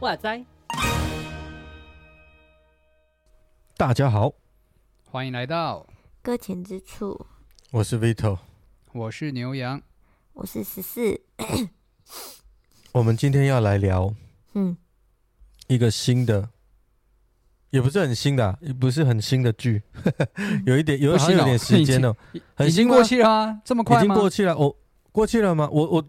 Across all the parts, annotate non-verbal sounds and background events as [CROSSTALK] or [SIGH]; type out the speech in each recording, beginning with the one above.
哇塞！Yes, What s 大家好，歡迎來到擱淺之處。我是 Vito，我是牛羊，我是十四。 [COUGHS] 我們今天要來聊。嗯，一個新的，也不是很新的、啊，也不是很新的劇，有一點，有一些，有點時間哦、喔，很新嗎？已經過去了、啊，這麼快嗎？已經過去了，我過去了嗎？我我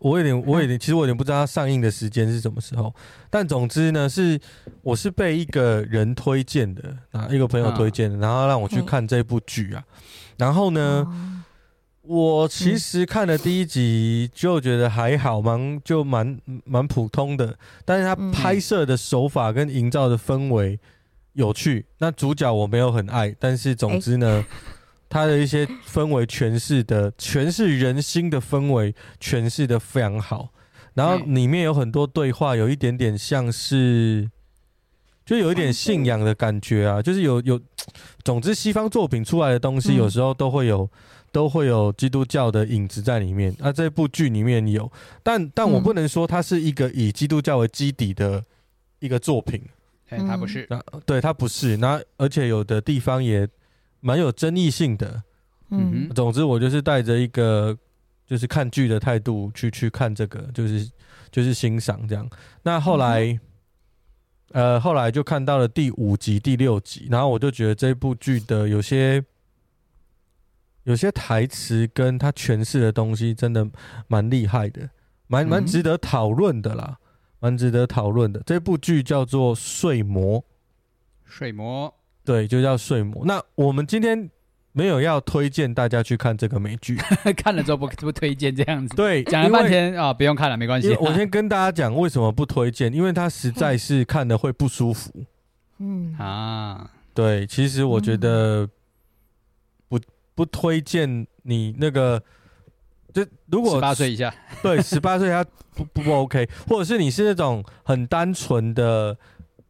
我有點，我有點，其實我有點不知道它上映的時間是什麼時候。但總之呢，是我是被一個人推薦的，啊，一個朋友推薦的，然後讓我去看這部劇啊。啊然後呢？啊我其實看了第一集就覺得還好，蠻就蠻蠻普通的，但是他拍攝的手法跟營造的氛圍有趣。嗯、哼那主角我沒有很愛，但是總之呢，欸、他的一些氛圍詮釋的詮釋人心的氛圍詮釋得非常好。然後裡面有很多對話，有一點點像是，就有一點信仰的感覺啊，就是有有，總之西方作品出來的東西有時候都會有。嗯都會有基督教的影子在裡面。那這部劇裡面有，但但我不能說它是一個以基督教為基底的一個作品。它不是。對，它不是。那而且有的地方也蠻有爭議性的。嗯哼。總之，我就是帶着一個就是看劇的態度去去看這個，就是就是欣賞這樣。那後來，嗯、哼呃，後來就看到了第五集、第六集，然後我就覺得這部劇的有些。有些台詞跟他詮釋的東西真的蠻厲害的，蠻蠻值得討論的啦，蠻、嗯、值得討論的。這部劇叫做《睡魔》，睡魔，對，就叫《睡魔》。那我們今天沒有要推薦大家去看這個美劇， [LAUGHS] 看了之後不不推薦這樣子。對，講了半天啊、 [LAUGHS] 哦，不用看了，沒關係。我先跟大家講為什麼不推薦，啊、因為他實在是看了會不舒服。嗯啊，對，其實我覺得、嗯。不推薦你那個，就如果十八歲以下，對，十八歲他不 [LAUGHS] 不不 OK，或者是你是那種很單純的，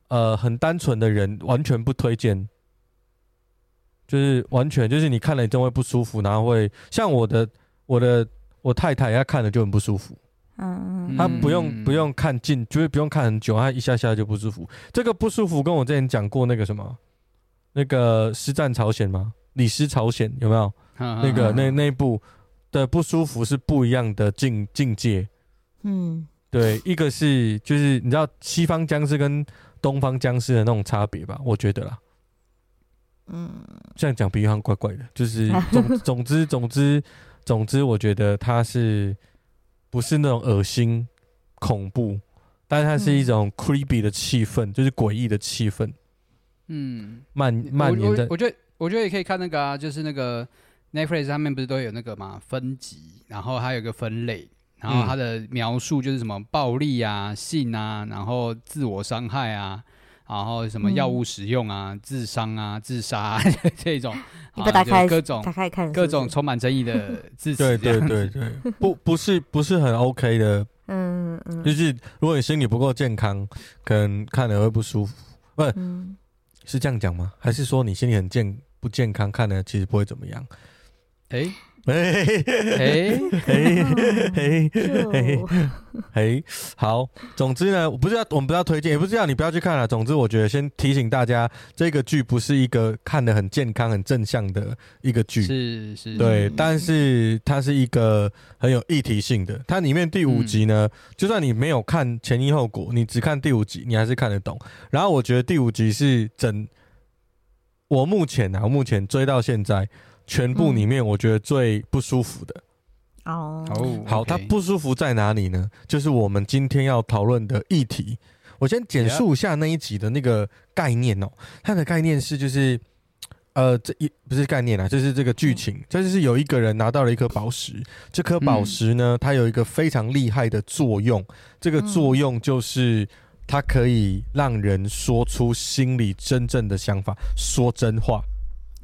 呃，很單純的人，完全不推薦，就是完全就是你看了你就會不舒服，然後會像我的我的我太太，她看了就很不舒服，嗯，她不用、嗯、不用看近，就是不用看很久，她一下下就不舒服。這個不舒服跟我之前講過那個什麼，那個實戰朝鮮嗎？李氏朝鮮有沒有 [NOISE] 那個，那那一部的不舒服是不一樣的境境界？嗯，對，一個是就是你知道西方僵屍跟東方僵屍的那種差別吧？我覺得啦，嗯，這樣講比喻好像怪怪的，就是總總之總之總之，總之 [LAUGHS] 總之我覺得它是不是那種噁心恐怖，但是它是一種 creepy 的氣氛，就是詭異的氣氛。嗯，蔓蔓延的，我覺得。我覺得也可以看那個啊，就是那個 Netflix 上面不是都有那個嘛，分級，然後它有一個分類，然後它的描述就是什麼暴力啊、性啊，然後自我傷害啊，然後什麼藥物使用啊、自傷啊、自殺、啊、這一種。你不打開、啊就是、各種打開看是不是各種充滿爭議的字，對對對對，不不是不是很 OK 的，嗯嗯，就是如果你心理不夠健康，可能看了會不舒服，不、嗯、是這樣講嗎？還是說你心裡很健？不健康看呢，其實不會怎麼樣。哎哎哎哎哎哎哎！好，總之呢，我不是要我們不要推薦，嗯、也不是要你不要去看了。總之，我覺得先提醒大家，這個劇不是一個看得很健康、很正向的一個劇。是是，對。但是它是一個很有議題性的。它裡面第五集呢，嗯、就算你沒有看前因後果，你只看第五集，你還是看得懂。然後我覺得第五集是整。我目前啊，我目前追到現在，全部裡面我覺得最不舒服的哦。嗯 oh, okay. 好，它不舒服在哪裡呢？就是我們今天要討論的議題。我先簡述一下那一集的那個概念哦、喔。它的概念是就是，呃，這一不是概念啊，就是這個劇情，嗯、就是有一個人拿到了一顆寶石，這顆寶石呢，它有一個非常厲害的作用，嗯、這個作用就是。它可以讓人說出心裡真正的想法，說真話。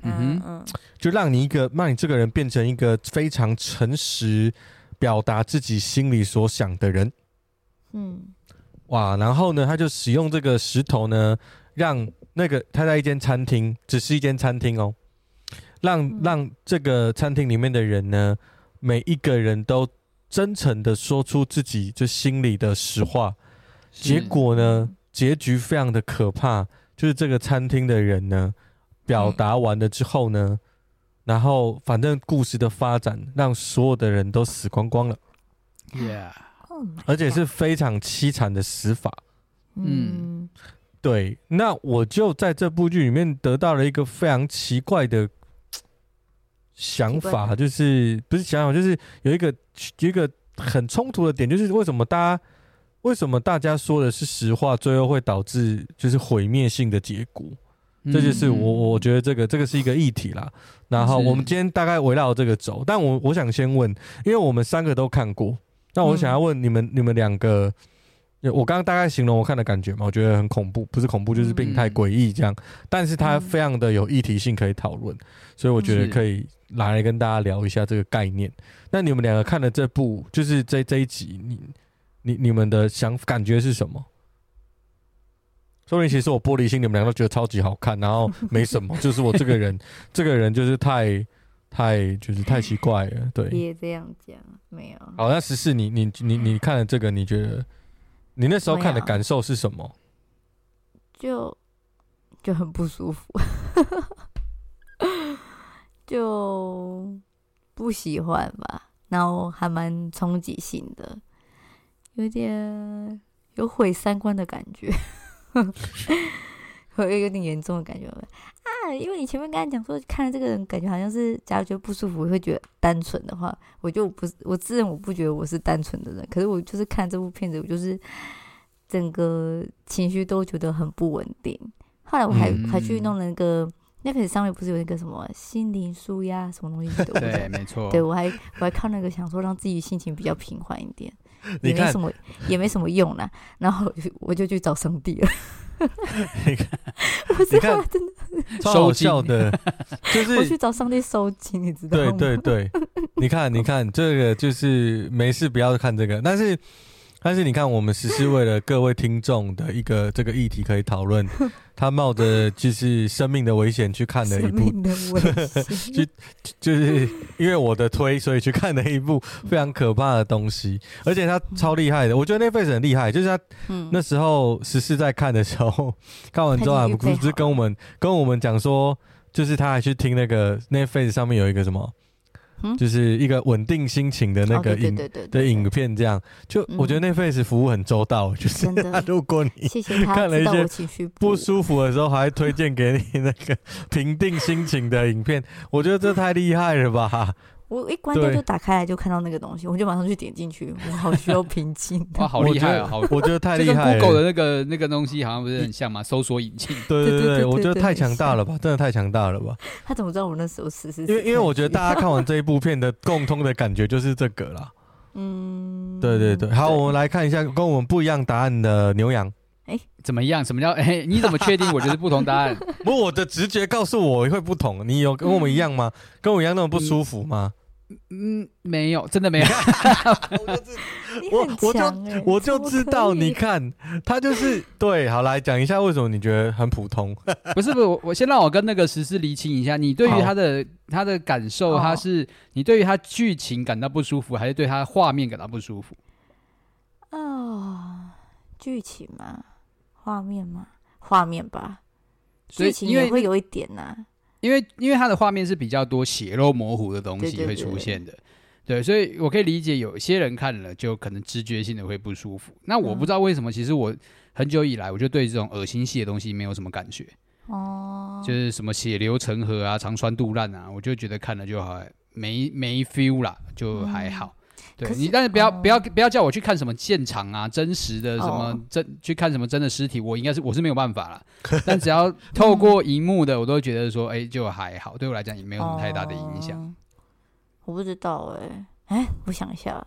啊啊、嗯嗯，就讓你一個，讓你這個人變成一個非常誠實、表達自己心裡所想的人。嗯，哇，然後呢，他就使用這個石頭呢，讓那個他在一間餐廳，只是一間餐廳哦、喔，讓、嗯、讓這個餐廳裡面的人呢，每一個人都真誠的說出自己就心裡的實話。是結果呢？結局非常的可怕，就是這個餐廳的人呢，表達完了之後呢，嗯、然後反正故事的發展讓所有的人都死光光了，耶！Yeah. 而且是非常淒慘的死法。嗯，對。那我就在這部劇裡面得到了一個非常奇怪的想法，就是不是想法，就是有一個有一個很衝突的點，就是為什麼大家為什麼大家說的是實話，最後會導致就是毀滅性的結果？嗯、這就是我我覺得這個這個是一個議題啦。然後我們今天大概圍繞這個走，是但我我想先問，因為我們三個都看過，那我想要問你們，嗯、你們兩個，我剛剛大概形容我看的感覺嘛，我覺得很恐怖，不是恐怖就是病態詭異這樣，嗯、但是它非常的有議題性可以討論，所以我覺得可以來，來跟大家聊一下這個概念。是那你們兩個看的這部，就是這這一集你。你你們的想感覺是什麼？說明其實我玻璃心，你們兩個都覺得超級好看，然後沒什麼， [LAUGHS] 就是我這個人，這個人就是太、太、就是太奇怪了。對，別這樣講，沒有。好，那十四，你你你你看了這個，你覺得你那時候看的感受是什麼？就就很不舒服， [LAUGHS] 就不喜歡吧，然後還蠻衝擊性的。有點有毀三觀的感覺，有 [LAUGHS] [LAUGHS] 有點嚴重的感覺啊，啊！因為你前面剛剛講說，看了這個人感覺好像是，假如覺得不舒服，會覺得單純的話，我就不我自認我不覺得我是單純的人。可是我就是看這部片子，我就是整個情緒都覺得很不穩定。後來我還我還去弄了一個那個上面不是有一個什麼心靈紓壓什麼東西 [LAUGHS] 對，沒錯 錯。對我還我還看那個想說讓自己心情比較平緩一點。你看也沒什麼，也沒什麼用呢。然後我就，我就去找上帝了。 [LAUGHS] 你看，我這個真的。超好笑的，的是就是我去找上帝收集。你知道嗎？對對對，你看，你看，這個就是沒事不要看這個。但是，但是，你看，我們只是為了各位聽眾的一個這個議題可以討論。 [LAUGHS] 他冒着就是生命的危險去看了一部，就就是因為我的推，所以去看了一部非常可怕的東西。而且他超厲害的，嗯、我覺得那 Netflix 很厲害，就是他那時候實時事在看的時候，看、嗯、完之後還不是跟我們跟我們講說，就是他還去聽那個那 Netflix 上面有一個什麼。嗯、就是一個穩定心情的那個影的影片，這樣，就我覺得那 face 服務很周到，就是如果你看了一些不舒服的時候，還推薦給你那個平定心情的影片，我覺得這太厲害了吧。我一關掉就打開來就看到那個東西，對我就馬上去點進去。我好需要平靜。 [LAUGHS] 哇，好厲害啊！好厲害我覺得太厲害。 [LAUGHS] 就是 Google 的那個 [LAUGHS] 那個東西，好像不是很像嘛？搜索引擎。 [LAUGHS] 對，對，對對對，我覺得太強大了吧？像真的太強大了吧？他怎麼知道我們那時候是是？因為因為我覺得大家看完這一部片的共通的感覺就是這個啦。 [LAUGHS] 嗯。對對對，好，對我們來看一下跟我們不一樣答案的牛羊。哎，怎麼樣？什麼叫哎？你怎麼確定我覺得不同答案？不，我的直覺告訴我會不同。你有跟我們一樣嗎？跟我一樣那麼不舒服嗎？嗯，沒有，真的沒有。我我就我就知道，你看他就是對。好，來講一下為什麼你覺得很普通。不是，不是，我我先讓我跟那個實施釐清一下。你對於他的他的感受，他是你對於他劇情感到不舒服，還是對他畫面感到不舒服？哦，劇情嘛。畫面嘛，畫面吧，所以因為劇情也會有一點吶、啊。因為因為它的畫面是比較多血肉模糊的東西會出現的，對,對,對,對,對，所以我可以理解有些人看了就可能直覺性的會不舒服。那我不知道為什麼，嗯、其實我很久以來我就對這種噁心系的東西沒有什麼感覺哦，就是什麼血流成河啊、腸穿肚爛啊，我就覺得看了就好、欸，沒沒 feel 啦，就還好。嗯對是你，但是不要、哦、不要不要叫我去看什麼現場啊，真實的什麼真、哦、去看什麼真的屍體，我應該是我是沒有辦法了。 [LAUGHS] 但只要透過熒幕的，我都會覺得說，哎、欸，就還好，對我來講也沒有什麼太大的影響、哦。我不知道哎、欸、哎，我、欸、想一下。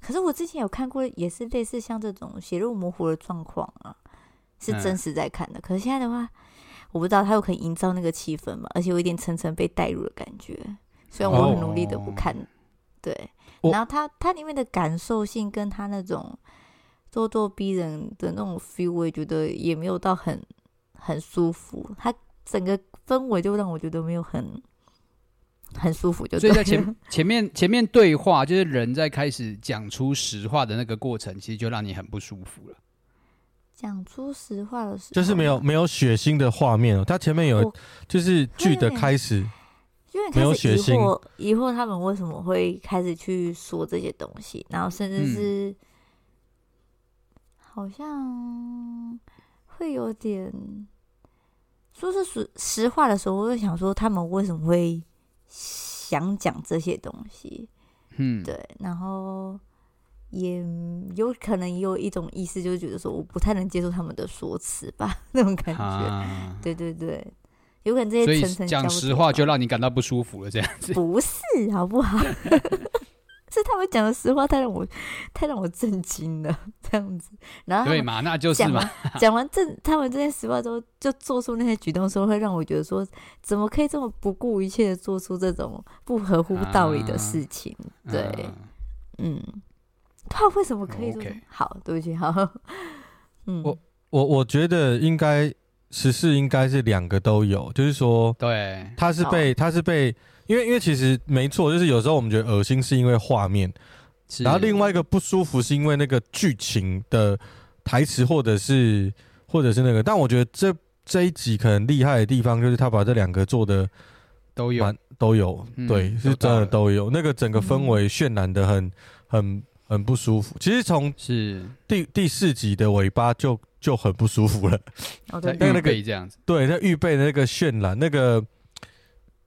可是我之前有看過，也是類似像這種血肉模糊的狀況啊，是真實在看的。嗯、可是現在的話，我不知道它又可以營造那個氣氛嘛，而且有一點層層被帶入的感覺。雖然我很努力的不看，哦、對。我然後他他裡面的感受性跟他那種咄咄逼人的那種 feel，我也覺得也沒有到很很舒服，他整個氛圍就讓我覺得沒有很很舒服就。就所以在前前面前面對話，就是人在開始講出實話的那個過程，其實就讓你很不舒服了。講出實話的時候，就是沒有沒有血腥的畫面哦。他前面有就是劇的開始。因為開始疑惑，疑惑他們為什麼會開始去說這些東西，然後甚至是、嗯、好像會有點，說是實實話的時候，我就想說他們為什麼會想講這些東西？嗯，對，然後也有可能有一種意思，就是覺得說我不太能接受他們的說辭吧，那種感覺。啊、對對對。有可能這些講實話，就讓你感到不舒服了，這樣子 [LAUGHS] 不是好不好？ [LAUGHS] [LAUGHS] 是他們講的實話太讓我太讓我震驚了，這樣子。然後對嘛，那就是嘛。講 [LAUGHS] 完這他們這些實話之後，就做出那些舉動時候，會讓我覺得說，怎麼可以這麼不顧一切的做出這種不合乎道理的事情？啊、對，啊、嗯，他為什麼可以這麼 Okay. 好？對不起，好。 [LAUGHS] 嗯，我我我覺得應該。其實應該是兩個都有，就是說，對，他是被他是被，因為因為其實沒錯，就是有時候我們覺得噁心是因為畫面，然後另外一個不舒服是因為那個劇情的台詞或者是或者是那個，但我覺得這這一集可能厲害的地方就是他把這兩個做的都有都有、嗯，對，是真的都有，那個整個氛圍渲染的很很很不舒服。其實從是第第四集的尾巴就。就很不舒服了，哦，在、那個、預備這樣子，對，那預備的那個渲染那個，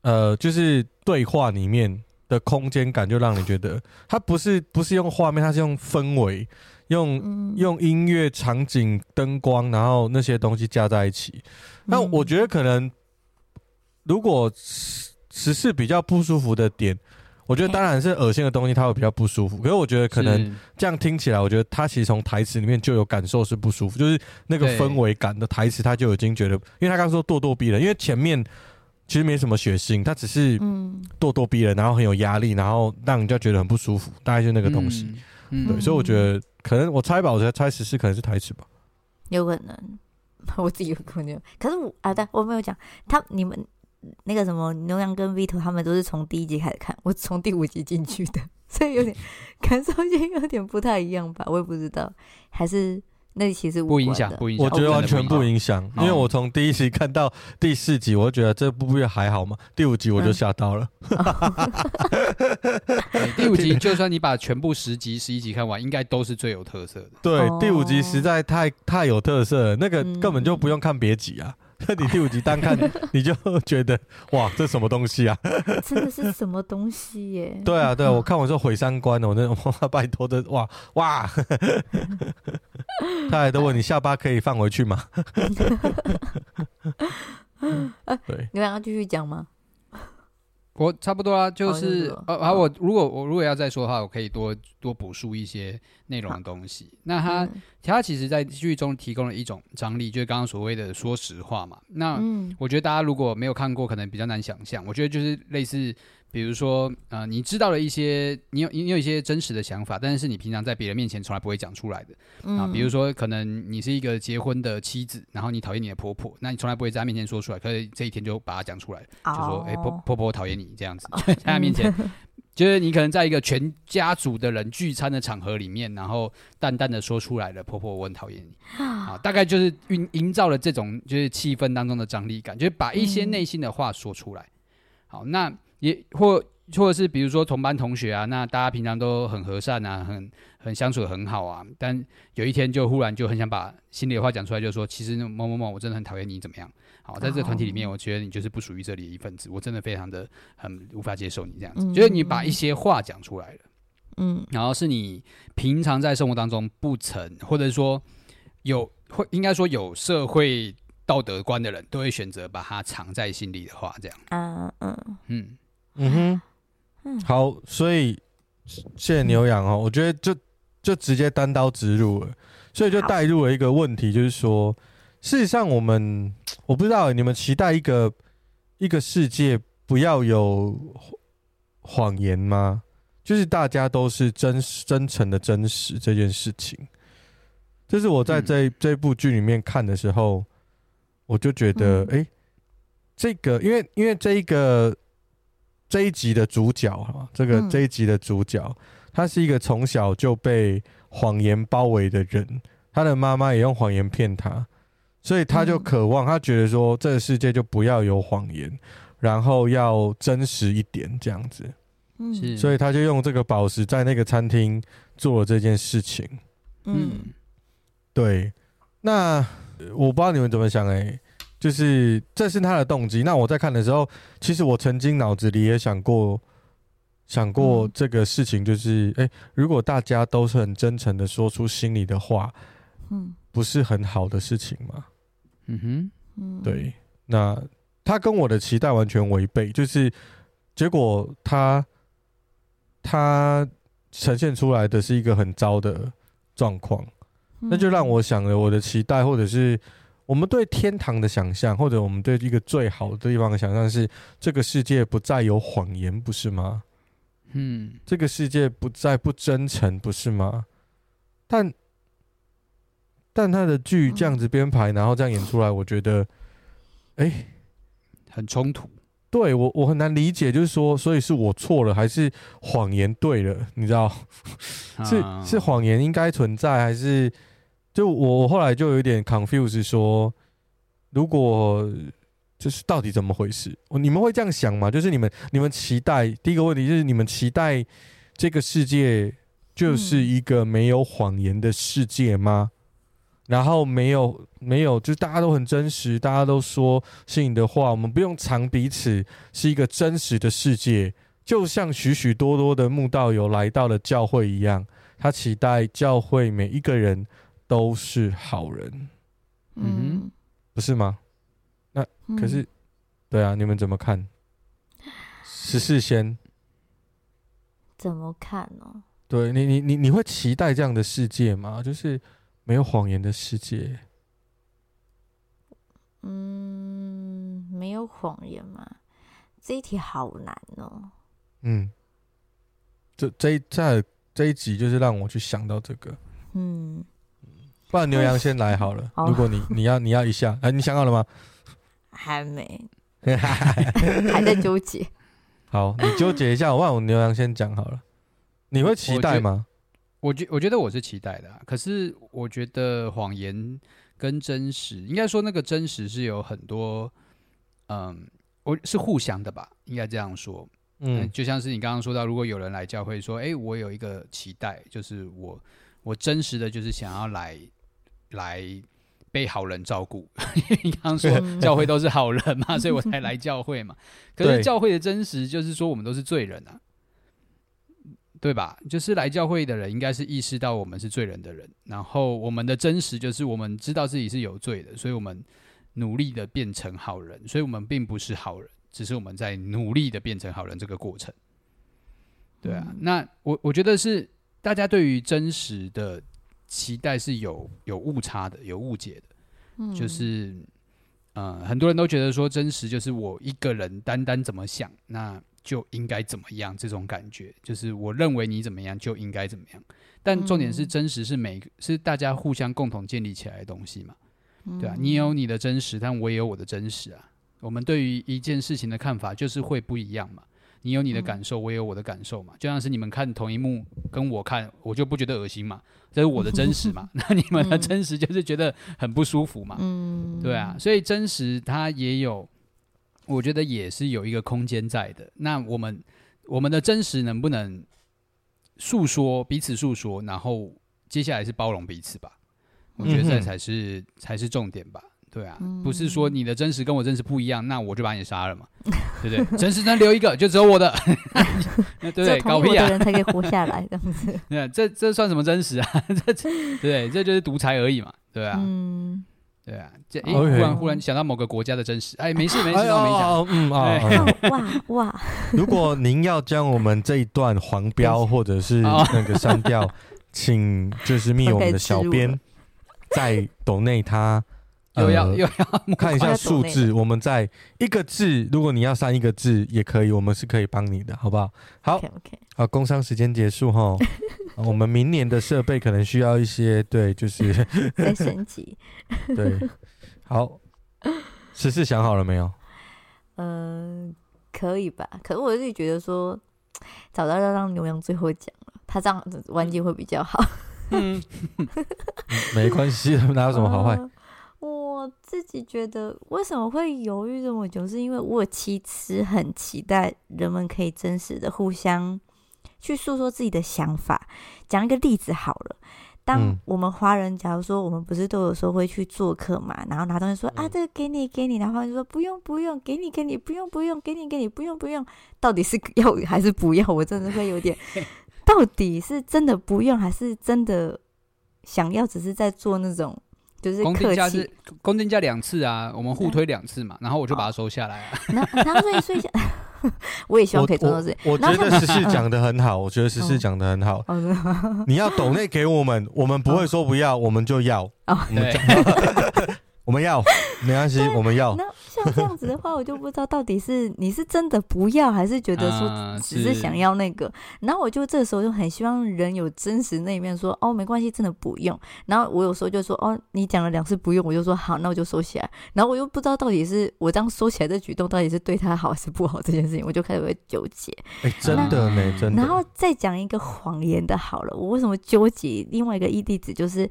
呃，就是對話裡面的空間感，就讓你覺得它不是不是用畫面，它是用氛圍，用、嗯、用音樂、場景、燈光，然後那些東西加在一起。嗯、那我覺得可能，如果只是比較不舒服的點。我覺得當然是噁心的東西，他會比較不舒服。可是我覺得可能這樣聽起來，是我覺得他其實從台詞裡面就有感受是不舒服，就是那個氛圍感的台詞，他就已經覺得，對因為他剛說咄咄逼人，因為前面其實沒什麼血腥，他只是嗯咄咄逼人，然後很有壓力，然後讓人家覺得很不舒服，大概就那個東西。嗯、對，所以我覺得可能我猜吧，我覺得猜十四可能是台詞吧，有可能我自己有可能，可是我啊，對我沒有講他你們。那個什麼牛羊跟 Vito 他們都是從第一集開始看，我從第五集進去的，所以有點感受就有點不太一樣吧，我也不知道，還是那個、其實不影響，不影響，影我覺得完全不影響，哦、影響。因為我從第一集看到第四集，嗯、我覺得這部劇還好嘛，第五集我就嚇到了。第五集就算你把全部十集、十一集看完，應該都是最有特色的。對，第五集實在太太有特色了，那個根本就不用看別集啊。嗯那 [LAUGHS] 你第五集單看，你就覺得哇，這什麼東西啊？ [LAUGHS] 真的是什麼東西耶？對啊，對啊，我看我說毀三觀哦，那我拜託的，哇哇，哇哇 [LAUGHS] 他還都問你下巴可以放回去嗎？對，你們兩個繼續講嗎？我差不多啊，就是啊啊，就是呃、我如果我如果要再說的話，我可以多多補述一些內容的東西。那他他其實，在劇中提供了一種張力，就是剛剛所謂的說實話嘛。那、嗯、我覺得大家如果沒有看過，可能比較難想象。我覺得就是類似。比如說，呃，你知道了一些，你有你有一些真實的想法，但是你平常在別人面前從來不會講出來的、嗯、啊。比如說，可能你是一個結婚的妻子，然後你討厭你的婆婆，那你從來不會在她面前說出來，可是這一天就把它講出來了、哦、就說：“哎、欸，婆婆婆我討厭你。”這樣子，哦、 [LAUGHS] 在她面前，嗯、就是你可能在一個全家族的人聚餐的場合裡面，然後淡淡的說出來了：“嗯、婆婆，我很討厭你。啊”啊，大概就是運營造了這種就是氣氛當中的張力感，就是把一些內心的話說出來。嗯、好，那。也或或者是比如說同班同學啊，那大家平常都很和善啊，很很相處很好啊，但有一天就忽然就很想把心裡的話講出來就是，就說其實某某某我真的很討厭你怎麼樣？好，在這個團體裡面，我覺得你就是不屬於這裡的一份子，嗯、我真的非常的很無法接受你這樣子，覺得、就是你把一些話講出來了，嗯，然後是你平常在生活當中不曾或者是說有會應該說有社會道德觀的人，都會選擇把它藏在心裡的話，這樣，嗯嗯嗯。嗯嗯哼，嗯好，所以謝謝牛羊哦、喔，我覺得就就直接單刀直入了，所以就帶入了一個問題，就是說，好事實上，我們我不知道你們期待一個一個世界不要有謊言嗎？就是大家都是真真誠的真實這件事情，就是我在這、嗯、這部劇裡面看的時候，我就覺得，哎、嗯欸，這個因為因為這一個。這一集的主角，哈，這個這一集的主角，他是一個從小就被謊言包圍的人，他的媽媽也用謊言騙他，所以他就渴望，他覺得說這個世界就不要有謊言，然後要真實一點這樣子，嗯，所以他就用這個寶石在那個餐廳做了這件事情，嗯，對，那我不知道你們怎麼想，欸。就是這是他的動機。那我在看的時候，其實我曾經腦子裡也想過，想過這個事情，就是，哎、嗯欸，如果大家都是很真誠的說出心裡的話，嗯，不是很好的事情嗎？嗯哼，嗯，對。那他跟我的期待完全違背，就是結果他他呈現出來的是一個很糟的狀況，嗯、那就讓我想了我的期待，或者是。我們對天堂的想象，或者我們對一個最好的地方的想象是，是這個世界不再有謊言，不是嗎？嗯，這個世界不再不真誠，不是嗎？但但他的劇這樣子編排，哦、然後這樣演出來，我覺得，哎呵，誒很衝突。對我，我很難理解，就是說，所以是我錯了，還是謊言對了？你知道， [LAUGHS] 是是謊言應該存在，還是？就我後來就有點 confuse 說，如果就是到底怎麼回事？你們會這樣想嗎？就是你們你們期待，第一個問題就是你們期待這個世界就是一個沒有謊言的世界嗎？嗯、然後沒有沒有，就是大家都很真實，大家都說實情的話，我們不用藏彼此，是一個真實的世界，就像許許多多的慕道友來到了教會一樣，他期待教會每一個人。都是好人，嗯，不是嗎？那可是，嗯、對啊，你們怎麼看？十四仙怎麼看哦、喔？對你，你，你，你會期待這樣的世界嗎？就是沒有謊言的世界。嗯，沒有謊言嗎？這一題好難哦、喔。嗯，這這一在這一集就是讓我去想到這個，嗯。不然牛羊先來好了。哦、如果你你要你要一下，哎，你想好了嗎？還沒， [LAUGHS] 還在糾結。好，你糾結一下，我讓我牛羊先講好了。你會期待嗎？我，我覺我覺得我是期待的、啊，可是我覺得謊言跟真實，應該說那個真實是有很多，嗯，我是互相的吧，應該這樣說。嗯，就像是你剛剛說到，如果有人來教會說，哎、欸，我有一個期待，就是我我真實的就是想要來。來被好人照顧， [LAUGHS] 你剛說教會都是好人嘛，所以我才來教會嘛。可是教會的真實就是說，我們都是罪人啊，對吧？就是來教會的人，應該是意識到我們是罪人的人。然後我們的真實就是，我們知道自己是有罪的，所以我們努力的變成好人。所以，我們並不是好人，只是我們在努力的變成好人這個過程。對啊，那我我覺得是大家對於真實的，期待是有有誤差的，有誤解的，嗯，就是，嗯、呃，很多人都覺得說，真實就是我一個人單單怎麼想，那就應該怎麼樣，這種感覺就是我認為你怎麼樣就應該怎麼樣，但重點是真實是每個、嗯、是大家互相共同建立起來的東西嘛，嗯、對啊，你有你的真實，但我也有我的真實啊。我們對於一件事情的看法就是會不一樣嘛。你有你的感受，我也有我的感受嘛。嗯、就像是你們看同一幕，跟我看，我就不覺得噁心嘛，這是我的真實嘛。 [LAUGHS] 嗯、那你們的真實就是覺得很不舒服嘛。嗯、對啊，所以真實它也有，我覺得也是有一個空間在的。那我們我們的真實能不能訴說，彼此訴說，然後接下來是包容彼此吧？我覺得這才是、嗯、哼才是重點吧。對啊，不是說你的真實跟我真實不一樣，那我就把你殺了嘛，對不對？真實能留一個，就只有我的。對，高逼啊，人才可以活下來這樣子。這這算什麼真實啊？這，對，這就是獨裁而已嘛，對啊，對啊。這，哎，忽然忽然想到某個國家的真實，哎，沒事沒事，嗯啊，哇哇。如果您要將我們這一段黃標或者是那個刪掉，請就是密我們的小編再抖內他。又要又要看一下數字，我們在一個字，如果你要刪一個字也可以，我們是可以幫你的，好不好？好 okay, okay 好，工商時間結束哈。 [LAUGHS] 我們明年的設備可能需要一些，對，就是在升級。欸、 [LAUGHS] 對，好，十四想好了沒有？嗯，可以吧？可是我自己覺得說，早知道要讓牛羊最後講了，他這樣完結會比較好。嗯、 [LAUGHS] 沒關係，哪有什麼好壞？嗯我自己覺得，為什麼會猶豫這麼久，是因為我其實很期待人們可以真實的互相去訴說自己的想法。講一個例子好了，當我們華人，假如說我們不是都有時候會去做客嘛，嗯、然後拿東西說、嗯、啊，這個給你，給你，然後就說不用，不用，給你，給你，不用，不用，給你，給你，不用，不用。到底是要還是不要？我真的會有點， [LAUGHS] 到底是真的不用還是真的想要？只是在做那種。就是公定價是公定價兩次啊，我們互推兩次嘛，然後我就把它收下來。然後睡睡下，我也希望可以做到這。我覺得時事講得很好，我覺得時事講得很好。你要抖內給我們，我們不會說不要，我們就要。我們講，我們要，沒關係，我們要。像這樣子的話， [LAUGHS] 我就不知道到底是你是真的不要，還是覺得說只是想要那個。啊、然後我就這個時候就很希望人有真實那一面，說哦沒關係，真的不用。然後我有時候就說哦，你講了兩次不用，我就說好，那我就收起來。然後我又不知道到底是我這樣收起來的舉動到底是對他好還是不好這件事情，我就開始會糾結。哎、欸那欸，真的欸，真的。然後再講一個謊言的好了，我為什麼糾結？另外一個例子就是。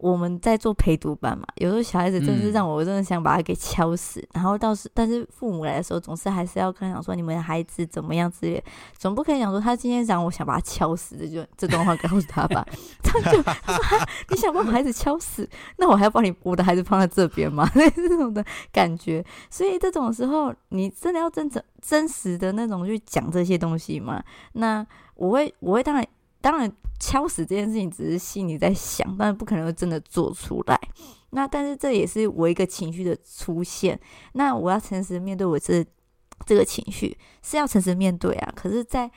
我們在做陪讀班嘛，有時候小孩子真的是讓我真的想把他給敲死。嗯、然後到時，但是父母來的時候，總是還是要跟他講說你們的孩子怎麼樣之類，總不可以講說他今天讓我想把他敲死，這就這段話告訴他吧。他 [LAUGHS] 就他說 [LAUGHS] 你想把我孩子敲死，那我還要幫你我的孩子放在這邊嗎？那 [LAUGHS] 種的感覺。所以這種時候，你真的要真正真實的那種去講這些東西嘛。那我會，我會當然，當然。敲死這件事情只是心裡在想，但是不可能真的做出來。那但是這也是我一個情緒的出現。那我要誠實面對，我這這個情緒是要誠實面對啊。可是，在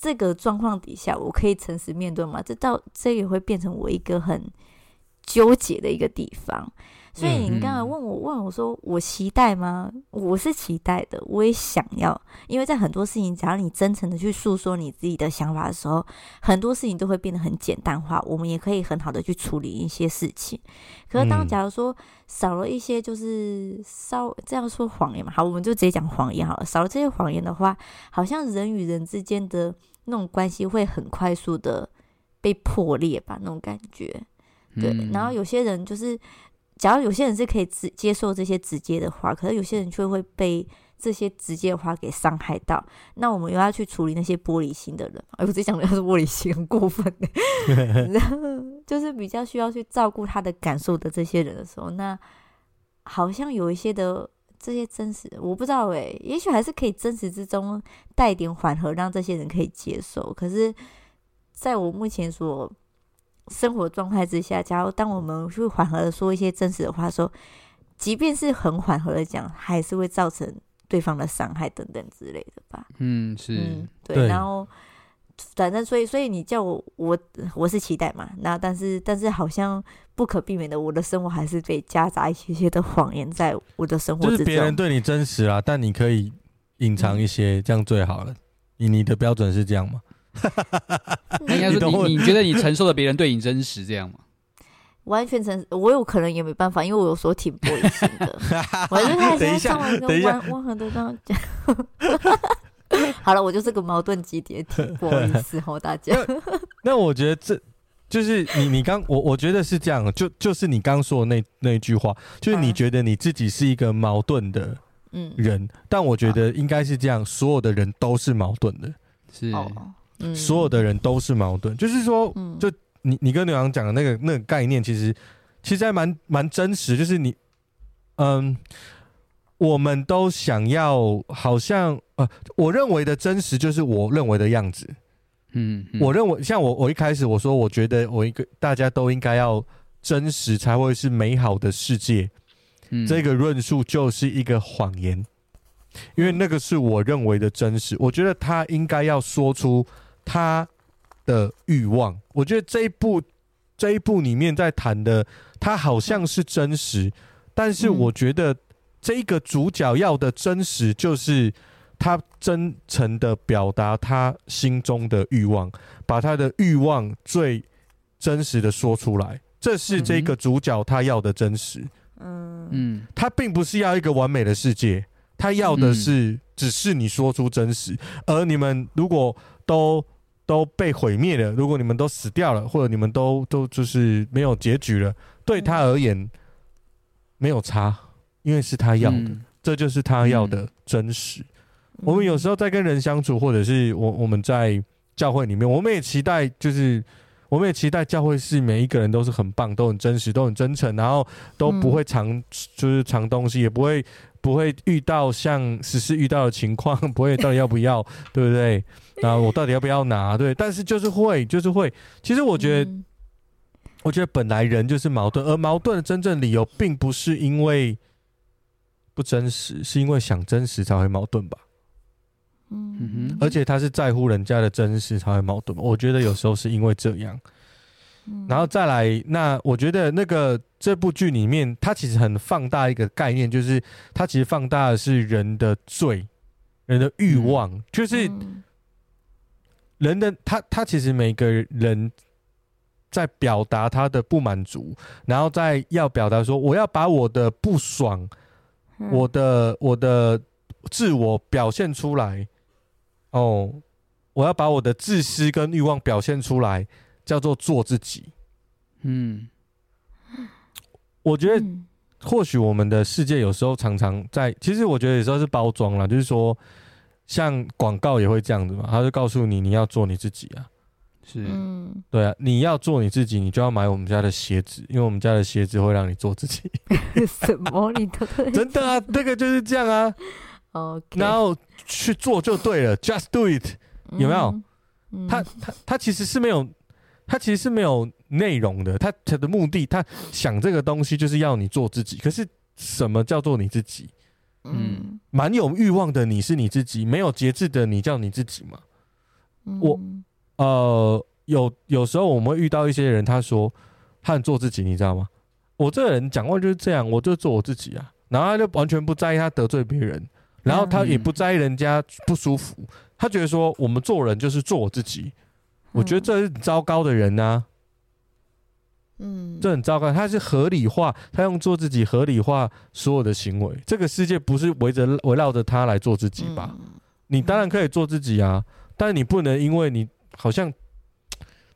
這個狀況底下，我可以誠實面對嗎？這到這也會變成我一個很糾結的一個地方。所以你剛才問我問我說我期待嗎？我是期待的，我也想要。因為在很多事情，只要你真誠的去訴說你自己的想法的時候，很多事情都會變得很簡單化，我們也可以很好的去處理一些事情。可是當假如說少了一些，就是少這樣說謊言嘛。好，我們就直接講謊言好了。少了這些謊言的話，好像人與人之間的那種關係會很快速的被破裂吧，那種感覺。對，然後有些人就是。假如有些人是可以接受這些直接的話，可是有些人卻會被這些直接的話給傷害到。那我們又要去處理那些玻璃心的人？哎，我最講的是玻璃心，很過分。然後 [LAUGHS] [LAUGHS] 就是比較需要去照顧他的感受的這些人的時候，那好像有一些的這些真實，我不知道誒，也許還是可以真實之中帶點緩和，讓這些人可以接受。可是在我目前所生活狀態之下，假如當我們去緩和的說一些真實的話，說，即便是很緩和的講，還是會造成對方的傷害等等之類的吧。嗯，是，嗯，對。然後，反正對，所以，所以你叫我，我我是期待嘛。那但是，但是好像不可避免的，我的生活還是被夾雜一些些的謊言在我的生活之中。就是別人對你真實啊，但你可以隱藏一些，這樣最好了。你、嗯、你的標準是這樣嗎？那應該說你，你覺得你承受了別人對你真實這樣嗎？完全承，我有可能也沒辦法，因為我有所挺不好意思的。我覺得他現上我很多這樣講。好了，我就是個矛盾級別挺不好意思吼大家。那我覺得這就是你，你剛我我覺得是這樣，就就是你剛說的那那句話，就是你覺得你自己是一個矛盾的嗯人，但我覺得應該是這樣，所有的人都是矛盾的，是。所有的人都是矛盾，嗯、就是說，就你你跟劉洋講的那個那個概念，其實其實還蠻蠻真實。就是你，嗯，我們都想要，好像呃，我認為的真實就是我認為的樣子。嗯，嗯我認為，像我我一開始我說，我覺得我一個大家都應該要真實才會是美好的世界。嗯、這個論述就是一個謊言，因為那個是我認為的真實，我覺得他應該要說出。他的欲望，我覺得這一部，這一部裡面在談的，他好像是真實，但是我覺得這個主角要的真實，就是他真誠的表達他心中的欲望，把他的欲望最真實的說出來，這是這個主角他要的真實。嗯嗯，嗯，嗯，他並不是要一個完美的世界，他要的是只是你說出真實，而你們如果都。都被毀滅了。如果你們都死掉了，或者你們都都就是沒有結局了，對他而言沒有差，因為是他要的，嗯、這就是他要的真實。嗯、我們有時候在跟人相處，或者是我我們在教會裡面，我們也期待就是。我們也期待教會是每一個人都是很棒，都很真實，都很真誠，然後都不會藏，嗯、就是藏東西，也不會不會遇到像時事遇到的情況，不會到底要不要， [LAUGHS] 對不對？然後我到底要不要拿？對，但是就是會，就是會。其實我覺得，嗯、我覺得本來人就是矛盾，而矛盾的真正理由並不是因為不真實，是因為想真實才會矛盾吧。嗯，而且他是在乎人家的真實，才會矛盾。我覺得有時候是因為這樣，嗯、然後再來，那我覺得那個這部劇裡面，他其實很放大一個概念，就是他其實放大的是人的罪，人的慾望，嗯、就是人的、嗯、他他其實每個人在表達他的不滿足，然後再要表達說我要把我的不爽，嗯、我的我的自我表現出來。哦，oh, 我要把我的自私跟慾望表現出來，叫做做自己。嗯，我覺得或許我們的世界有時候常常在，嗯、其實我覺得有時候是包裝了，就是說像廣告也會這樣子嘛，他就告訴你你要做你自己啊，是，嗯、對啊，你要做你自己，你就要買我們家的鞋子，因為我們家的鞋子會讓你做自己。 [LAUGHS] [LAUGHS] 什麼？你 [LAUGHS] 真的啊？那、這個就是這樣啊。Okay, 然後去做就對了 [LAUGHS] ，just do it，、嗯、有沒有？嗯、他他他其實是沒有，他其實是沒有內容的。他他的目的，他想這個東西就是要你做自己。可是什麼叫做你自己？嗯，蠻、嗯、有慾望的你是你自己，沒有節制的你叫你自己嘛。嗯、我呃，有有時候我們會遇到一些人，他說他很做自己，你知道嗎？我這個人講話就是這樣，我就做我自己啊，然後他就完全不在意他得罪別人。然後他也不在意人家不舒服，嗯、他覺得說我們做人就是做我自己，嗯、我覺得這是很糟糕的人啊，嗯，這很糟糕。他是合理化，他用做自己合理化所有的行為。這個世界不是圍着圍繞着他來做自己吧？嗯、你當然可以做自己啊，嗯、但是你不能因為你好像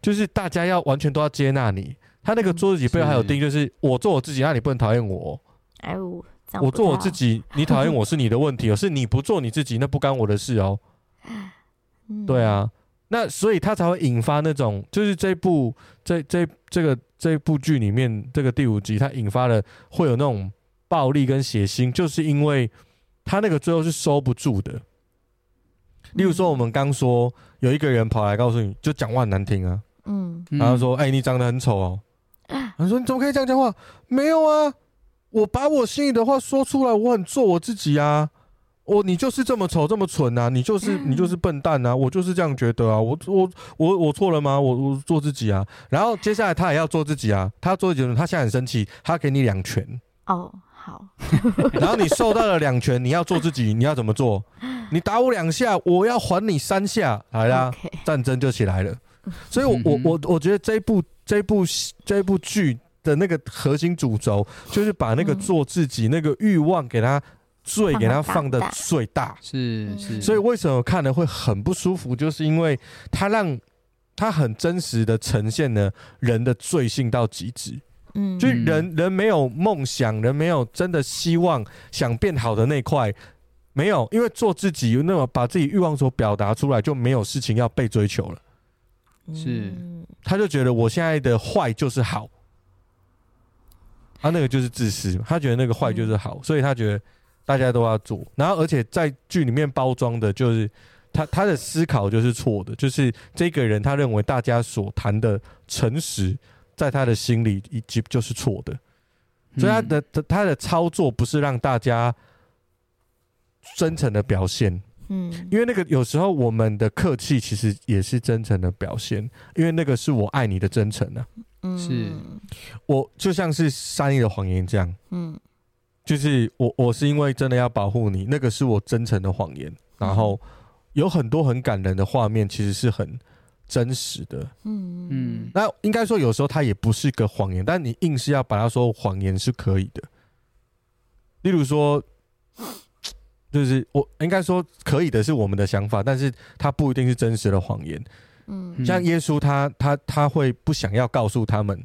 就是大家要完全都要接納你。他那個做自己背後還有定義，就是我做我自己，嗯、那你不能討厭我。哎、啊、呦。我做我自己，你討厭我是你的問題， [LAUGHS] 是你不做你自己，那不干我的事哦。對啊，那所以他才會引發那種，就是這部這這這個這部劇裡面這個第五集，它引發了會有那種暴力跟血腥，就是因為他那個最後是收不住的。例如說，我們剛說有一個人跑來告訴你就講話很難聽啊，嗯，然後說哎，你長得很醜哦，他說你怎麼可以這樣講話？沒有啊。我把我心裡的話說出來，我很做我自己啊！我你就是這麼醜這麼蠢啊！你就是你就是笨蛋啊！我就是這樣覺得啊！我我我我錯了嗎？我我做自己啊！然後接下來他也要做自己啊！他做自己，他現在很生氣，他給你兩拳。哦，oh, 好。 [LAUGHS] 然後你受到了兩拳，你要做自己，你要怎麼做？你打我兩下，我要還你三下，來啦，Okay. 戰爭就起來了。所以我，我我我我覺得這一部這一部這一部劇的那個核心主軸就是把那個做自己、嗯、那個欲望，給他罪給他放得最大，是是，嗯、所以為什麼看了會很不舒服，就是因為他讓他很真實的呈現了人的罪性到極致，嗯，就人人沒有夢想，人沒有真的希望想變好的那塊沒有，因為做自己有那麼把自己欲望所表達出來就沒有事情要被追求了，是，嗯、他就覺得我現在的壞就是好。他、啊、那個就是自私，他覺得那個壞就是好，嗯、所以他覺得大家都要做。然後，而且在劇裡面包裝的就是他他的思考就是錯的，就是這個人他認為大家所談的誠實，在他的心裡已經就是錯的，所以他的、嗯、他的操作不是讓大家真誠的表現。嗯，因為那個有時候我們的客氣其實也是真誠的表現，因為那個是我愛你的真誠呢、啊。是我就像是善意的謊言這樣。嗯，就是我我是因為真的要保護你，那個是我真誠的謊言。然後有很多很感人的畫面，其實是很真實的。嗯嗯。嗯，那應該說有時候它也不是個謊言，但你硬是要把它說謊言是可以的。例如說，就是我應該說可以的是我們的想法，但是它不一定是真實的謊言。像耶穌他、嗯、他他會不想要告訴他們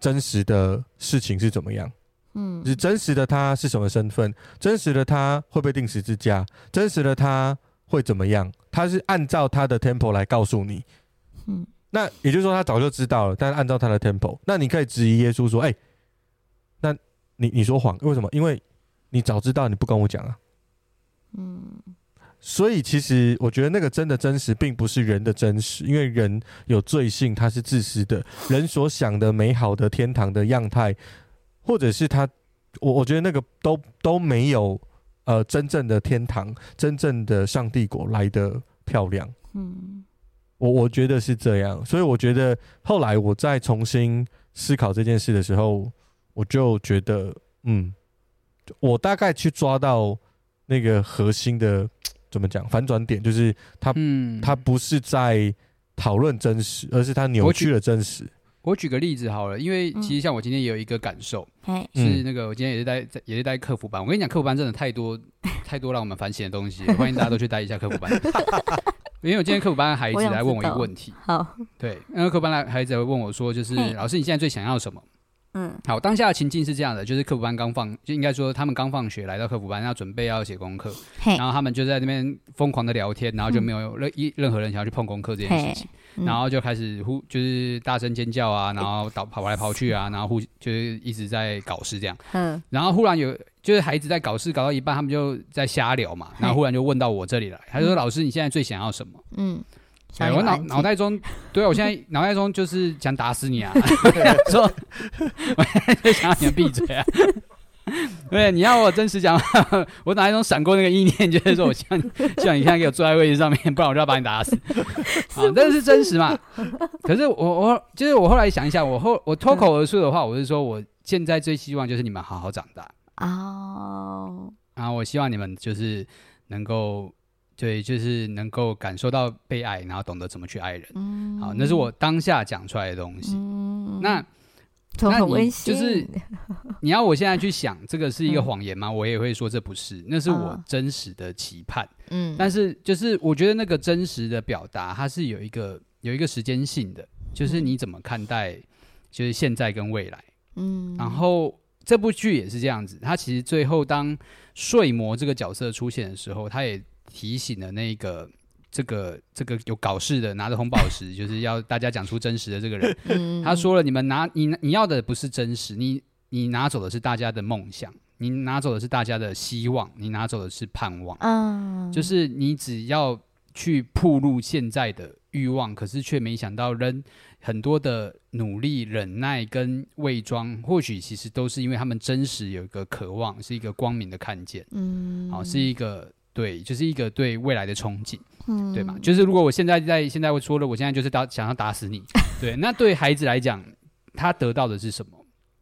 真實的事情是怎麼樣？嗯，是真實的他是什麼身份？真實的他會不會釘十字架？真實的他會怎麼樣？他是按照他的 tempo 來告訴你。嗯，那也就是說他早就知道了，但是按照他的 tempo，那你可以質疑耶穌說：“哎、欸，那你你說謊？為什麼？因為你早知道你不跟我講啊。”嗯。所以，其實我覺得那個真的真實，並不是人的真實，因為人有罪性，他是自私的。人所想的美好的天堂的樣態，或者是他，我我覺得那個都都沒有，呃，真正的天堂，真正的上帝國來的漂亮。嗯，我我覺得是這樣，所以我覺得後來我在重新思考這件事的時候，我就覺得，嗯，我大概去抓到那個核心的。怎麼講？反轉點就是他，他、嗯、不是在討論真實，而是他扭曲了真實我。我舉個例子好了，因為其實像我今天也有一個感受，嗯、是那個我今天也是在在也是在客服班。我跟你講，客服班真的太多太多讓我們反省的東西，歡迎大家都去待一下客服班。 [LAUGHS] 因為我今天客服班的孩子來問我一個問題，好，對，那個客服班的孩子來問我說，就是、嗯、老師，你現在最想要什麼？嗯，好，當下的情境是這樣的，就是課輔班剛放，就應該說他們剛放學來到課輔班，要準備要寫功課，嘿然後他們就在那邊瘋狂的聊天，然後就沒有任一任何人想要去碰功課這件事情，嗯、然後就開始呼，就是大聲尖叫啊，然後跑跑來跑去啊，然後呼就是一直在搞事這樣，嗯嘿，然後忽然有就是孩子在搞事搞到一半，他們就在瞎聊嘛，然後忽然就問到我這裡了，他就說老師、嗯、你現在最想要什麼？嗯。哎，欸、我腦腦袋中，對、啊、我現在腦袋中就是想打死你啊！說， [LAUGHS] 對啊、 [LAUGHS] 想要你們閉嘴啊！ [LAUGHS] 對、啊，你要我真實講，我腦袋中閃過那個意念，就是說我希望你，我希望你現在給我坐在位置上面，不然我就要把你打死。好、啊，這是真實嘛？ [LAUGHS] 可是我我就是我後來想一下，我後我脫口而出的話，我是說，我現在最希望就是你們好好長大哦。啊，我希望你們就是能夠。對，就是能夠感受到被愛，然後懂得怎麼去愛人。嗯、好，那是我當下講出來的東西。嗯、那很溫馨。就是你要我現在去想，這個是一個謊言嗎？嗯、我也會說這不是，那是我真實的期盼。嗯、啊，但是就是我覺得那個真實的表達，它是有一個有一個時間性的，就是你怎麼看待，就是現在跟未來。嗯，然後這部劇也是這樣子，他其實最後當睡魔這個角色出現的時候，他也。提醒了那個，這個這個有搞事的，拿着紅寶石， [LAUGHS] 就是要大家講出真實的這個人。嗯、他說了：“你們拿你你要的不是真實，你你拿走的是大家的夢想，你拿走的是大家的希望，你拿走的是盼望。啊、就是你只要去暴露現在的慾望，可是卻沒想到人很多的努力、忍耐跟偽裝，或許其實都是因為他們真實有一個渴望，是一個光明的看見。嗯，好、哦，是一個。”對，就是一個對未來的憧憬，嗯、對嘛？就是如果我現在在現在我說了，我現在就是打想要打死你，對。 [LAUGHS] 那對孩子來講，他得到的是什麼？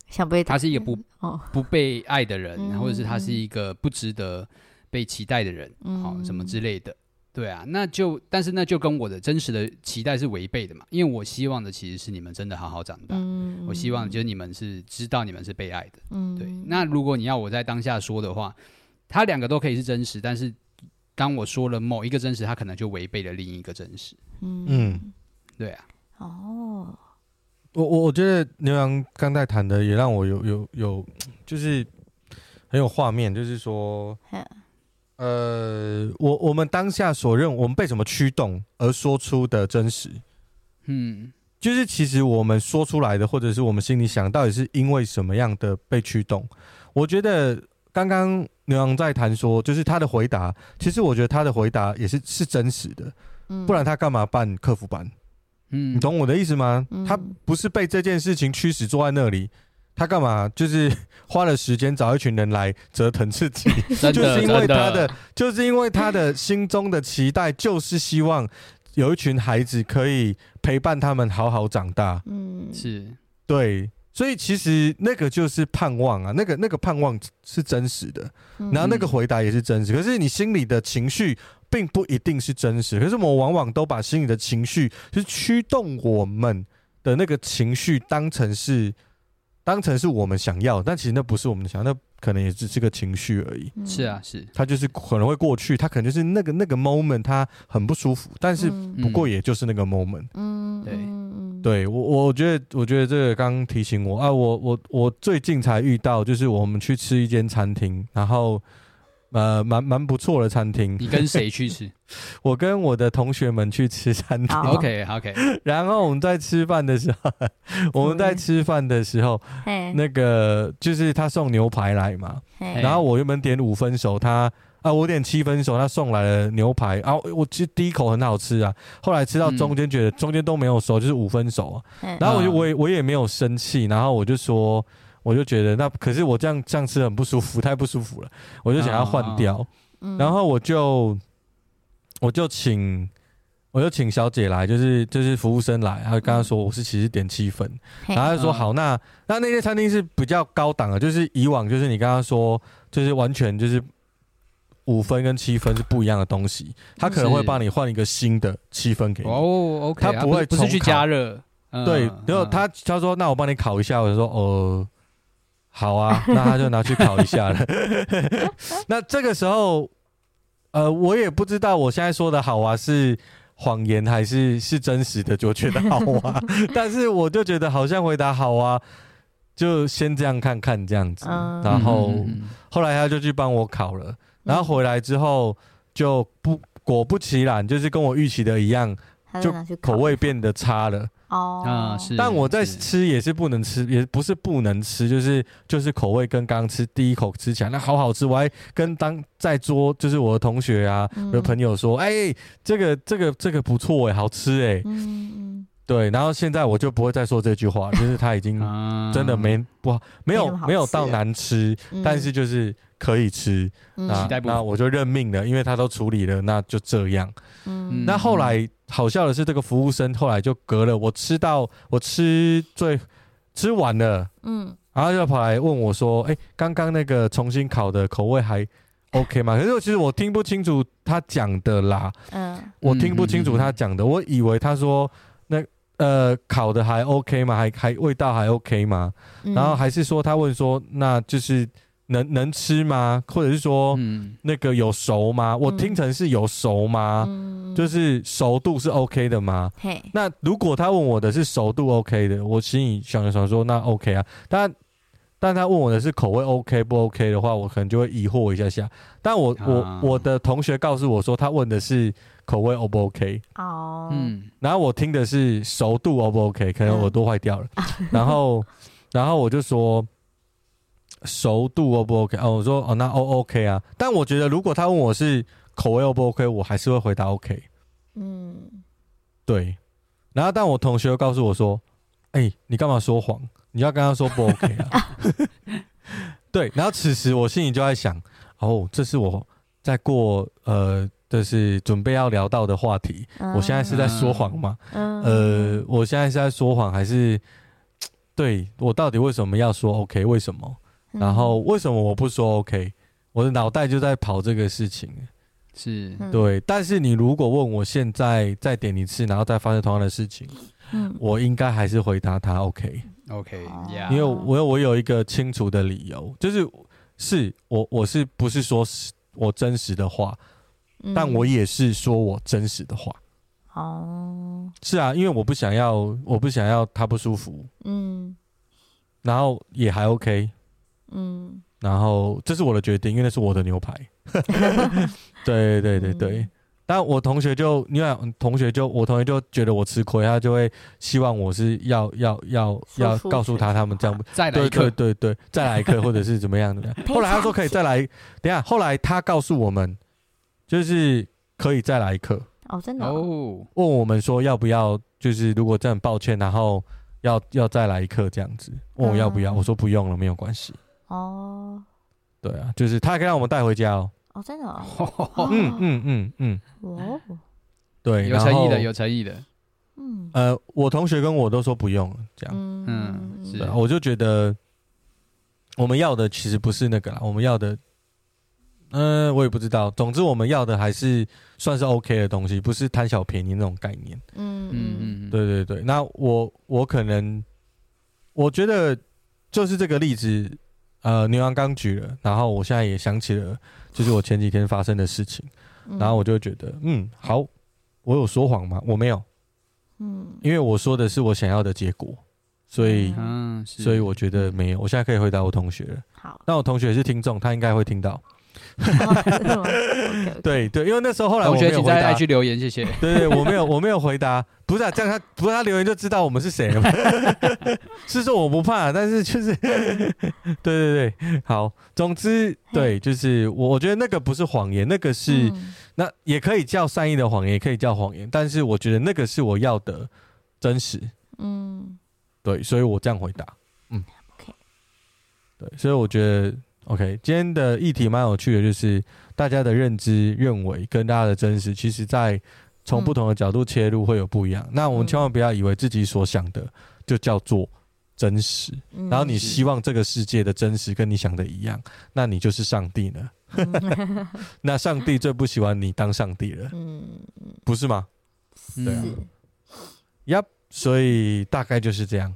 想被打他是一個不、哦、不被愛的人，嗯、或者是他是一個不值得被期待的人，好、嗯哦、什麼之類的。對啊，那就但是那就跟我的真實的期待是違背的嘛？因為我希望的其實是你們真的好好長大，嗯、我希望就是你們是知道你們是被愛的，嗯、對。那如果你要我在當下說的話。他兩個都可以是真實，但是當我說了某一個真實，他可能就違背了另一個真實。嗯，對啊。哦、oh.，我我我覺得牛羊剛才談的也讓我有有有，就是很有畫面，就是說，Huh. 呃，我我們當下所認，我們被什麼驅動而說出的真實，嗯，就是其實我們說出來的，或者是我們心裡想到底是因為什麼樣的被驅動？我覺得剛剛。牛郎在談說，就是他的回答，其實我覺得他的回答也是是真實的，不然他幹嘛辦客服班？嗯，你懂我的意思嗎？嗯、他不是被這件事情驅使坐在那裡，他幹嘛？就是花了時間找一群人來折騰自己，那就是因為他的，的就是因為他的心中的期待就是希望有一群孩子可以陪伴他們好好長大，嗯是，是對。所以其實那個就是盼望啊，那個那個盼望是真實的，然後那個回答也是真實。嗯。可是你心裡的情緒並不一定是真實，可是我們往往都把心裡的情緒，就是驅動我們的那個情緒，當成是。當成是我們想要，但其實那不是我們想要。那可能也只是個情緒而已。嗯、是啊，是。他就是可能會過去，他可能就是那個那個 moment，他很不舒服，但是不過也就是那個 moment。嗯，嗯對，對，我我覺得我覺得這個剛剛提醒我啊，我我我最近才遇到，就是我們去吃一間餐廳，然後。呃，蠻蠻不錯的餐廳。你跟誰去吃？ [LAUGHS] 我跟我的同學們去吃餐廳。Oh, OK OK。然後我們在吃飯的時候， [LAUGHS] 我們在吃飯的時候，Okay. 那個 Hey. 就是他送牛排來嘛。Hey. 然後我原本點五分熟，他啊我點七分熟，他送來了牛排。啊，我其實第一口很好吃啊，後來吃到中間覺得中間都沒有熟，嗯、就是五分熟啊。Hey. 然後我就我也我也沒有生氣，然後我就說。我就覺得那可是我這樣這樣吃得很不舒服，太不舒服了。我就想要換掉，oh、然後我就、嗯、我就請我就請小姐來，就是就是服務生來，他就跟他說我是其實點七分，嗯、然後她就說好、嗯、那，那那那間餐廳是比較高檔的，就是以往就是你剛剛說就是完全就是五分跟七分是不一樣的東西，他是可能會幫你換一個新的七分給你哦、oh、OK，他不會重烤，他不是去加熱，嗯、對，然後他他說、嗯、說那我幫你烤一下，我就說哦。呃好啊，那他就拿去考一下了。 [LAUGHS] [LAUGHS] 那這個時候，呃，我也不知道我現在說的好啊是謊言還是是真實的，就覺得好啊。 [LAUGHS] 但是我就覺得好像回答好啊，就先這樣看看這樣子。嗯。然後後來他就去幫我考了，然後回來之後就不果不其然，就是跟我預期的一樣。就口味變得差了哦啊，嗯、是，但我在吃也是不能吃，是也不是不能吃，就是就是口味跟剛吃第一口吃起來那好好吃，我還跟當在桌就是我的同學啊，我的朋友說，哎、嗯欸，這個這個這個不錯哎、欸，好吃哎、欸、嗯、對，然後現在我就不會再說這句話，嗯、就是他已經真的沒、嗯、不好沒有沒那麼好吃耶沒有到難吃，嗯、但是就是。可以吃，嗯、那那我就認命了，因為他都處理了，那就這樣。嗯，那後來好笑的是，這個服務生後來就隔了我吃到我吃最吃完了，嗯，然後就跑來問我說：“哎、欸，剛剛那個重新烤的口味還 OK 嗎？”可是我其實我聽不清楚他講的啦，嗯、呃，我聽不清楚他講的，我以為他說、嗯、哼哼那呃烤的還 OK 嗎？還還味道還 OK 嗎？嗯、哼然後還是說他問說那就是。能能吃嗎？或者是說，嗯、那個有熟嗎？嗯、我聽成是有熟嗎？嗯、就是熟度是 OK 的嗎？嘿那如果他問我的是熟度 OK 的，我心裡想一想說那 OK 啊。但但他問我的是口味 OK 不 OK 的話，我可能就會疑惑一下下。但我我、啊、我的同學告訴我說他問的是口味 O 不 OK 哦，嗯。然後我聽的是熟度 O 不 OK，可能我都壞掉了。嗯、然後 [LAUGHS] 然後我就說。熟度 O 不 OK 哦，我說哦，那 OK 啊，但我覺得如果他問我是口味 O 不 OK，我還是會回答 OK。嗯，對。然後，但我同學又告訴我說：“哎、欸，你幹嘛說謊？你要跟他說不 OK 啊？” [LAUGHS] [LAUGHS] 對。然後，此時我心裡就在想：“哦，這是我在過呃，這是準備要聊到的話題。嗯、我現在是在說謊嗎？嗯、呃，我現在是在說謊還是對我到底為什麼要說 OK？為什麼？”然後為什麼我不說 OK？我的腦袋就在跑這個事情，是對。但是你如果問我現在再點一次，然後再發生同樣的事情，嗯，我應該還是回答他 OK，OK，因為我，我我有一個清楚的理由，就是是我我是不是說是我真實的話，嗯，但我也是說我真實的話哦，好是啊，因為我不想要我不想要他不舒服，嗯，然後也還 OK。嗯，然後這是我的決定，因為那是我的牛排。 [LAUGHS] [LAUGHS] 對對對對，對、嗯、但我同學就你看，因為同學就我同學就覺得我吃虧，他就會希望我是要要要輸輸 要告訴他他們這樣再來一客，對對再來一客或者是怎麼樣的。後來他說可以再來，等下後來他告訴我們就是可以再來一客。哦，真的哦，問我們說要不要，就是如果這樣抱歉，然後要要再來一客這樣子，問我要不要，我說不用了，沒有關係。哦，oh. 對啊，就是他可以讓我們帶回家哦、喔。哦，oh, 真的？嗯嗯嗯嗯。哦，oh. 對，有誠意的，有誠意的。嗯，呃，我同學跟我都說不用了這樣。嗯，對是，我就覺得我們要的其實不是那個啦，我們要的，嗯、呃，我也不知道。總之，我們要的還是算是 OK 的東西，不是貪小便宜那種概念。嗯嗯嗯，嗯對對對。那我我可能我覺得就是這個例子。呃，牛羊剛舉了，然後我現在也想起了，就是我前幾天發生的事情， [LAUGHS] 然後我就覺得，嗯，好，我有說謊嗎？我沒有，嗯，因為我說的是我想要的結果，所以，嗯，所以我覺得沒有。我現在可以回答我同學了。好，那我同學是聽眾，他應該會聽到。對對，因為那時候後來我覺得請大家去留言，謝謝。對，對對，我沒有我沒有回答，不是、啊、這樣他，他 [LAUGHS] 不是他留言就知道我們是誰了。 [LAUGHS] [LAUGHS] 是說我不怕，但是就是， [LAUGHS] 對，對對對，好，總之對，就是我我覺得那個不是謊言，嘿那個是、嗯、那也可以叫善意的謊言，也可以叫謊言，但是我覺得那個是我要的真實。嗯，對，所以我這樣回答。嗯，OK。對，所以我覺得。OK，今天的議題蠻有趣的，就是大家的認知、認為跟大家的真實，其實，在從不同的角度切入會有不一樣。嗯、那我們千萬不要以為自己所想的就叫做真實，嗯、然後你希望這個世界的真實跟你想的一樣，是那你就是上帝了。 [LAUGHS] [LAUGHS] 那上帝最不喜歡你當上帝了，嗯、不是嗎？是對呀、啊，Yep, 所以大概就是這樣。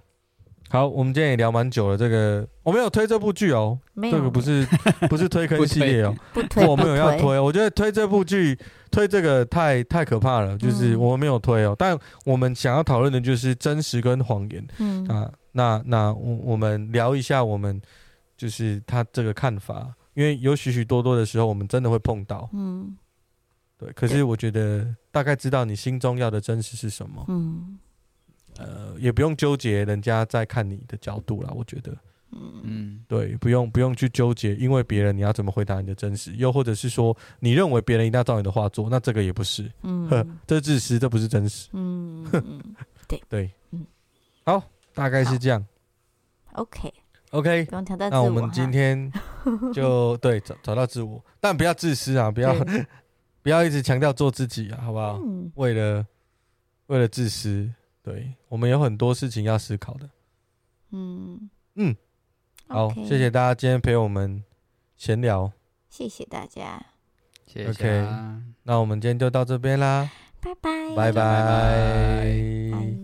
好，我們今天也聊蠻久了。這個我沒有推這部劇哦，這個不是不是推坑系列哦， [LAUGHS] 不推，我沒有要推。 [LAUGHS] 我覺得推這部劇，推這個太太可怕了，就是我沒有推哦。嗯，但我們想要討論的就是真實跟謊言。嗯啊，那那我我們聊一下，我們就是他這個看法，因為有許許多多的時候，我們真的會碰到。嗯，對。可是我覺得大概知道你心中要的真實是什麼。嗯。呃，也不用糾結人家在看你的角度啦。我覺得，嗯對，不用不用去糾結，因為別人你要怎麼回答你的真實，又或者是說你認為別人一定要照你的畫作，那這個也不是，嗯呵，這自私，這不是真實，嗯，嗯，對 [LAUGHS] 對，嗯，好，大概是這樣，OK OK，我那我們今天就對找找到自我，但不要自私啊，不要對 [LAUGHS] 不要一直強調做自己啊，好不好？嗯、為了為了自私。對我們有很多事情要思考的，嗯嗯，嗯 Okay. 好，謝謝大家今天陪我們閒聊，謝謝大家謝謝，OK，那我們今天就到這邊啦，拜拜，拜拜。拜拜嗯